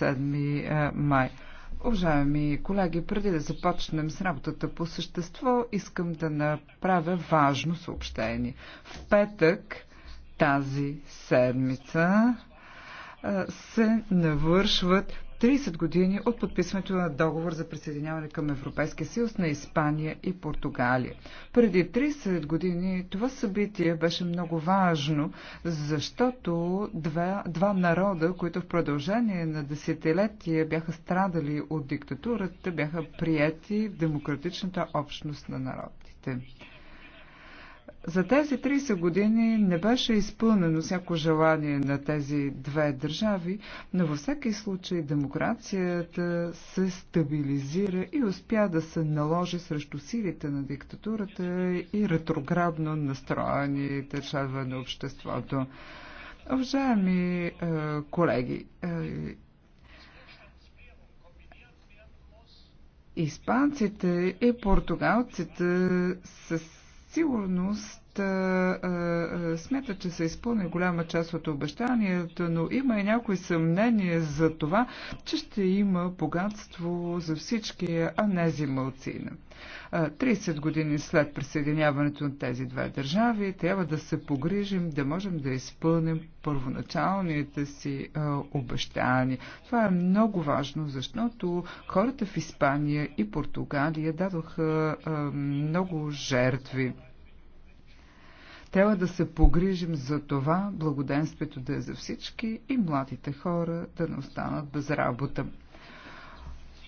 7 е, май. Уважаеми колеги, преди да започнем с работата по същество, искам да направя важно съобщение. В петък тази седмица е, се навършват 30 години от подписването на договор за присъединяване към Европейския съюз на Испания и Португалия. Преди 30 години това събитие беше много важно, защото два, два народа, които в продължение на десетилетия бяха страдали от диктатурата, бяха прияти в демократичната общност на народите. За тези 30 години не беше изпълнено всяко желание на тези две държави, но във всеки случай демокрацията се стабилизира и успя да се наложи срещу силите на диктатурата и ретроградно настроените членове на обществото. Уважаеми е, колеги, е, испанците и португалците с сигурност а, а, смята, че са изпълнили голяма част от обещанията, но има и някои съмнения за това, че ще има богатство за всички, а не малцина. 30 години след присъединяването на тези две държави трябва да се погрижим да можем да изпълним първоначалните си а, обещания. Това е много важно, защото хората в Испания и Португалия дадоха а, много жертви. Трябва да се погрижим за това, благоденствието да е за всички и младите хора да не останат без работа.